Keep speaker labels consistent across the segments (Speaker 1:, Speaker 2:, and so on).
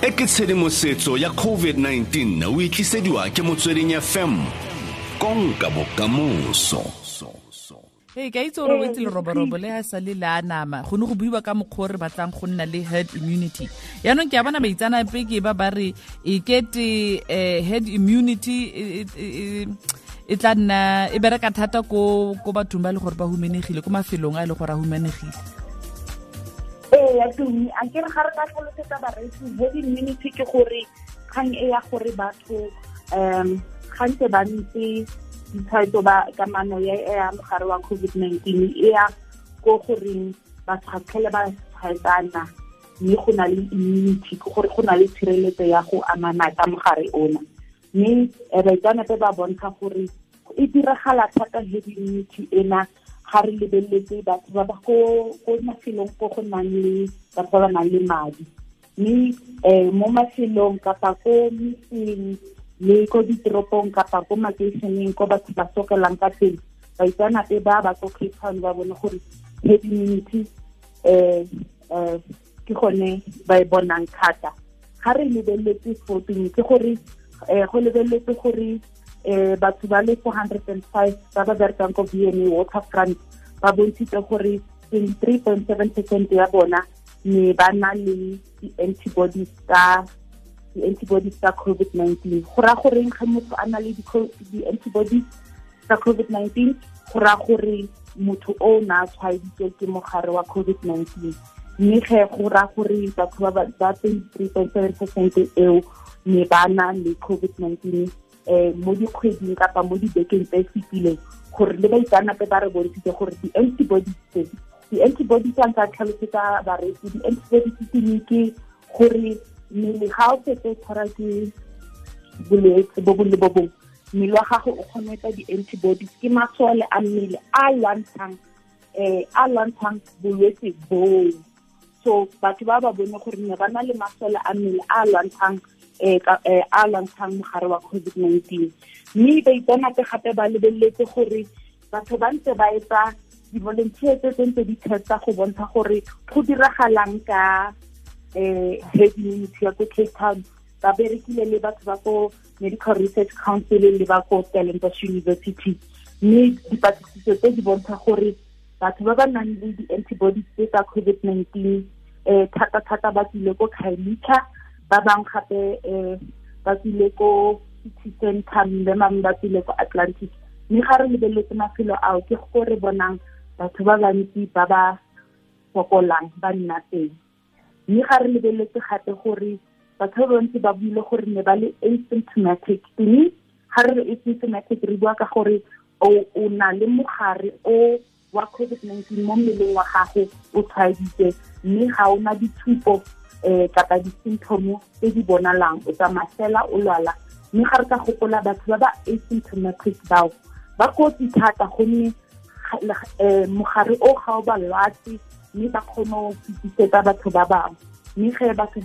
Speaker 1: e ke tshedimosetso ya covid-19 o itlisediwa ke motsweding fm konka bokamoso
Speaker 2: ee hey, ka itse gore o etse leroborobo le a e sa le le a nama go ne go buiwa ka mokgwa re batlang go nna le head immunity yaanong ke a bona baitsanape ke ba ba re e kete um eh, head immunity e, e, e tla nna e bereka thata ko bathong ba e le gore ba humanegile ko mafelong a e le gore a humanegile
Speaker 1: e ya tumi a ke re ga re ka tlhalosetsa bareetsi herd immunity ke gore kgang e ya gore batho um gantse ba ntse ditshwaetso ba kamano ya ya mogare wa covid-19 e ya ko goreng batho ga tlhele ba tshwaetsana mme go na le immunity ke gore go na le tshireletso ya go amana ka mogare ona mme baitseanape ba bontsha gore e diragala thata herd immunity ena ga re lebeletse batho ba ba ko mafelong ko go nang le ba go nang le madi mme eh mo mafelong kapa ko metseng le ko diteropong kapa ko makeišeneng ko go ba sokelang ka teng ke ba ba ko khipha town ba bone gore head eh eh ke gone ba e bonang thata ga re lebeletse 14 ke gore eh go lebeletse gore eh batho ba le 405 ba ba berekang ko BME Waterfront ba bontshitse gore 23.7% ya bona ne ba na le di-antibodies tsa di-antibodies tsa COVID-19 go raya gore ga motho a na le di-antibodies tsa COVID-19 go raya gore motho o na tshwaeditswe ke mogare wa COVID-19 mme ge go raya gore batho ba 23.7 percent eo ne ba na le COVID-19 um mo dikgweding kapa mo dibekeng tse fetileng gore le baitsanape ba re bontshitse gore di-antibodies tse di-antibodies a nka tlhalosetsa bareetsi di-antibodies dingwe ke gore mmele ga o fetse tshwara ke bolwetse bo bong le bo bongwe mmele wa gago o kgone tsa di-antibodies ke masole a mmele a lwantshang um a lwantshang bolwetse boo so batho ba ba bone gore ne ba na le masole a mmele a lwantshang a lwantshang mogare wa covid-19 mme ba itsenate gape ba lebeletse gore batho ba ntse ba etsa di-volunteer tse tse ntse di testa go bontsha gore go diragalang ka um herd immunity ya ko cape town ba berekile le batho ba ko medical research council le ba ko ntse university mme dipatlisiso tse di bontsha gore batho e, ba ba nang le di-antibodies tse tsa covid-19 um thata-thata ba tswile ko kailitha ba bangwe gape um ba tswile ko city center mme mangwe ba tswile ko atlantic mme ga re lebeletse mafelo ao ke go re bonang batho ba bantsi ba ba fokolang ba nna teng mme ga re lebeletse gape gore batho ba bantsi ba buile gore ne ba le asymptomatic mme ga re re asymptomatic re bua ka gore o na le mogare o wa covid-19 mo mmeleng wa gago o tshwaeditse mme ga ona ditshupo um eh, kapa di-symptomo tse di bonalang o tsamaya o lwala mme ga re ka gopola batho ba ba asymptomatic bao ba kotsi thata gonne um mogare o ga o ba lwatse mme ba kgone go fitisetsa batho ba bangwe mme ge batho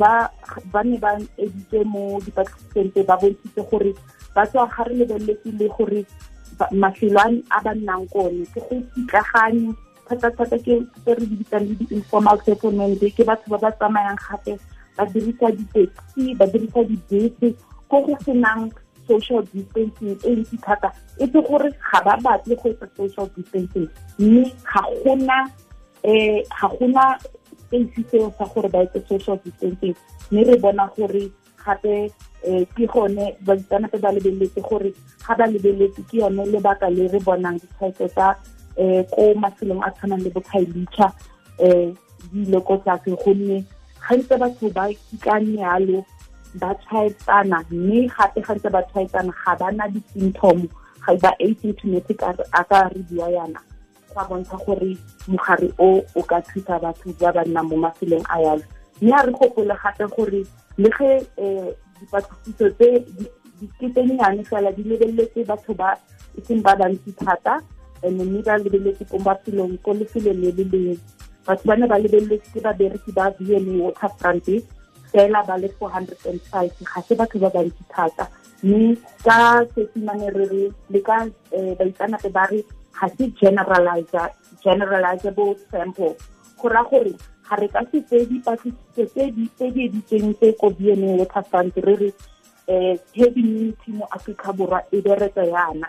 Speaker 1: ba ne ba editse mo dipatlisiseng tse ba bontshitse gore ba tswa ga re lebeletse le gore mafelo a ba nnang kone ke go ikaganye thata-thata ke re dibitsang le di-informal settlement ke batho ba ba tsamayang gape ba dirisa di-taxi ba dirisa dibese ko go senang social distancing e ntsi thata e tse gore ga ba batle go etsa social distancing mme ga gona um ga gona space seo sa gore ba etse social distancing mme re bona gore gape ke gone baitsana tse ba lebeletse gore ga ba lebeletse ke yone lebaka le re bonang ditshwaetso tsa eh, um ko mafelong a tshwanang le bokhaelitšha um eh, dilo ko tlase gonne gantse batho ba kikane yalo ba tshwaetsana mme gape gantse ba tshwaetsana ga ba na di-symptom ga ba asymptomatic a ka re bia yana ga bontsha gore mogare o o ka thusa batho ba ba nnang mo mafelong a yalo mme a re gopole gape gore le ge um dipatlisiso tse ke tse fela di lebeletse batho ba e seng ba bantsi thata and mme ba lebeletse ko mafelong ko lefelong le le leng batho ba ne ba lebeletse ke babereki ba vn waterfront fela ba le four hundred and five ga se batho ba bantsi thata mme ka sesimane re re le ka baitsanape ba re ga se generalizer generalizable sample go raya gore ga re ka se tse dipatlisiso tse di editseng tse ko bna water fund re re eh, um cabinity mo aforika borwa e beretsa yana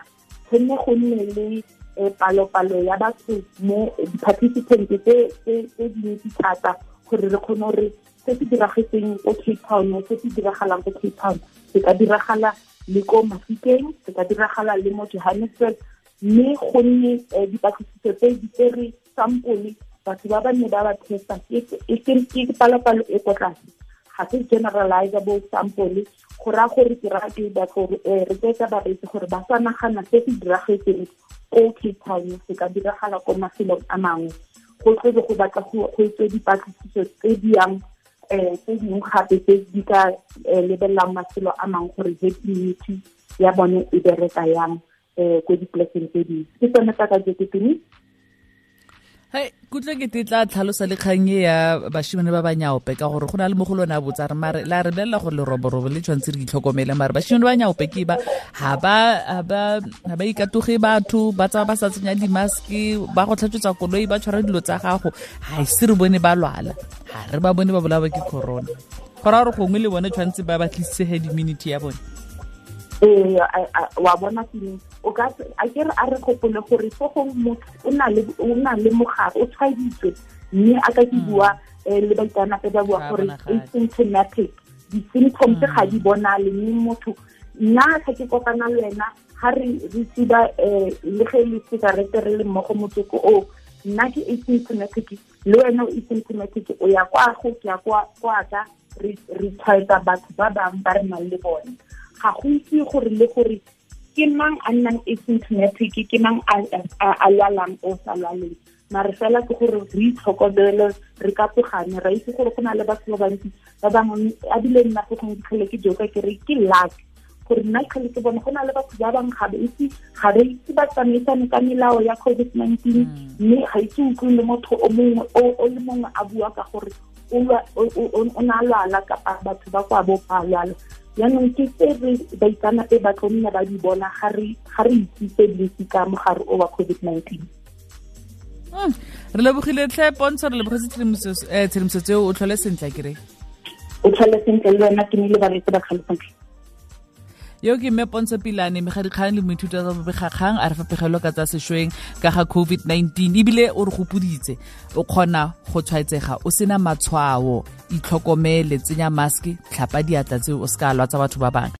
Speaker 1: gonne go nne le eh, palopalo ya batho mo di-participant tse dintsi thata gore re kgone gore se se diragetseng ko cape town se se diragalang ko cape town se ka diragala le ko mafikeng se ka diragala le mo johannesburg mme gonne eh, dipatlisiso tse di tsere sampole batho ba banne ba ba testa ke palopalo e ko tlase ga se generalizable sample go raya gore ke raya ke batla gore eh, retsetsa bareetsi gore ba sa nagana se se diragetseng ko cape town se ka diragala ko mafelong a mangwe go tlebe go batla go etswe dipatlisiso tse di yang um eh, tse dingwe gape tse di ka eh, lebelelang mafelo a mangwe gore hepimity ya bone e bereka yang um ko dipolekeng tse dingwe ke tsone tsa ka jeketene
Speaker 2: kutlwe ke te tla tlhalosa lekgang e ya bashimane ba banyaope ka gore go na le mo go lo ne a botsa re mare la re bolelela gore leroborobo le tshwanetse re itlhokomele mare bashimane ba banyaope ke ba ga ba ikatoge batho ba tsaya ba sa tsenya dimaske ba go tlhatswetsa koloi ba tshwara dilo tsa gago ga ise e re bone ba lwala ga re ba bone ba bolawa ke corona go raya gore gongwe le bone tshwanetse ba batlisisege diminity ya bone
Speaker 1: eh wa bona ke o ka a ke a re gopole gore fo go motho o na le o na le mogare o tshwaeditswe mme a ka ke mm. bua eh, le baitanape ba bua gore asymptomatic di-symptoms ga di mm. bonale mme motho nna ga ke kopana le wena ga re re tsiba um eh, le ge le sekarete re le mmogo motsoko o nna ke asymptomatic le wena o asymptomatic o ya kwa go ke ya kwa ka re tshwaetsa batho ba bangwe ba re nang le bone ga go itse gore le gore ke mang a nnang asymptomatic ke mang a lwalang o sa lwaleng mare fela ke gore re itlhokomele re ka tlogane ra itse gore go na le batho ba bantsi ba bangwe ebile nna go kgong ditlhele ke joka ke re ke luck gore nna tlhele ke bone go na le batho ba bangwe ga ba itse ga ba itse ba tsamaisane ka melao ya covid-19 hmm. mme ga itse utlwe le motho o mongwe o le mongwe a bua ka gore o na lwala kapa batho ba kwa bo ba lwala jaanong ke tse re baitsanape ba tlonna ba di bona ga re itsitse dintsi ka mogare o wa covid-19
Speaker 2: re lebogile tlhe pontsho re lebogetse tshedimosetso eo o tlhole sentle kere
Speaker 1: o tlhole sentle le wena ke ne le bareetse ba kgalesentle
Speaker 2: yo ke mme pontsho pilane megadikgang le moithuta tsa bobegakgang a re fapegelo ka tsa sešweng ka ga covid-19 ebile o re gopoditse o kgona go tshwaetsega o sena matshwao itlhokomele tsenya maske tlhapa diatla tse o seka lwa tsa batho ba bangwe